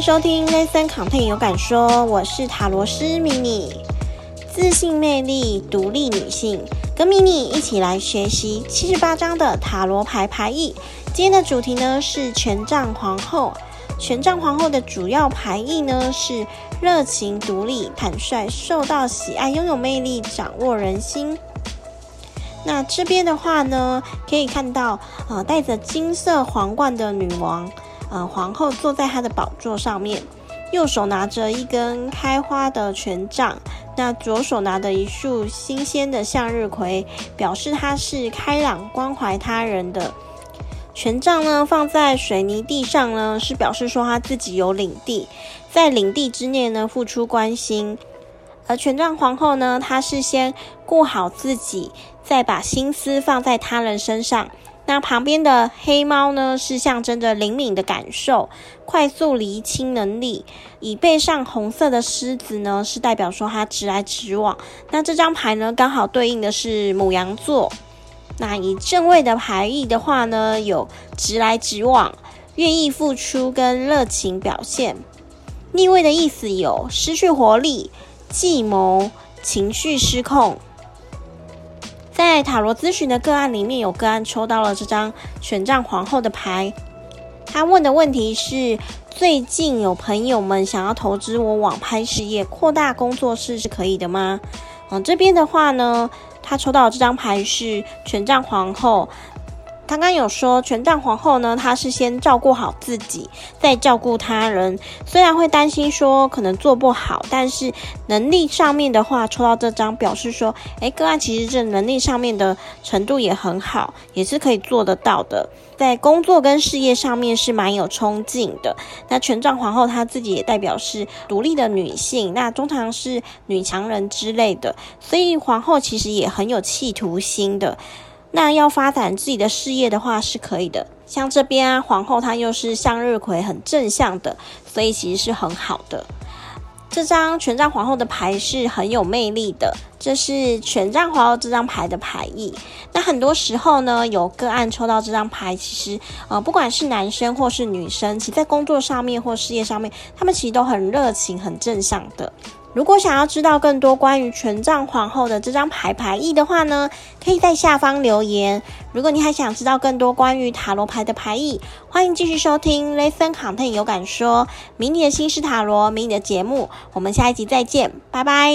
收聽 ListenContent 有感說，我是塔羅師 Mini 自信魅力獨立女性，跟 MINI 一起來學習七十八張的塔羅牌牌意。今天的主題呢是權杖皇後，權杖皇後的主要牌意呢是熱情、獨立、坦率、受到喜愛、擁有魅力、掌握人心。那這邊的話呢，可以看到啊，呃，戴著金色皇冠的女王。呃，皇后坐在她的寶座上面，右手拿着一根開花的權杖，那左手拿着一束新鮮的向日葵，表示她是開朗、關懷他人的。權杖呢放在水泥地上呢，是表示說她自己有領地，在領地之內呢付出關心。而權杖皇後呢，她是先顧好自己，再把心思放在他人身上。那旁邊的黑貓呢，是象徵着靈敏的感受、快速釐清能力；椅背上紅色的獅子呢，是代表說它直來直往。那這張牌呢，剛好對應的是牡羊座。那以正位的牌意的話呢，有直來直往、願意付出跟熱情表現；逆位的意思有失去活力、計謀、情緒失控。在塔羅諮詢的個案裡面，有個案抽到了這張權杖皇後的牌。他問的問題是：最近有朋友們想要投資我網拍事業，擴大工作室是可以的嗎？嗯，這邊的話呢，他抽到這張牌是權杖皇後。剛剛有說權杖皇後呢，她是先照顧好自己，再照顧他人。雖然會擔心說可能做不好，但是能力上面的話，抽到這張表示說，哎，個案其實這能力上面的程度也很好，也是可以做得到的。在工作跟事業上面是蠻有衝勁的。那權杖皇後她自己也代表是獨立的女性，那通常是女強人之類的，所以皇後其實也很有企圖心的。那要發展自己的事業的話是可以的，像這邊啊，皇後她又是向日葵，很正向的，所以其實是很好的。這張權杖皇後的牌是很有魅力的，這是權杖皇後這張牌的牌意。那很多時候呢，有個案抽到這張牌，其實，呃，不管是男生或是女生，其實在工作上面或事業上面，他們其實都很熱情、很正向的。如果想要知道更多關於權杖皇後的這張牌牌意的話呢，可以在下方留言。如果你還想知道更多關於塔羅牌的牌意，歡迎繼續收聽《Listen Content 有感說迷你的心事塔羅迷你》的節目。我們下一集再見，拜拜。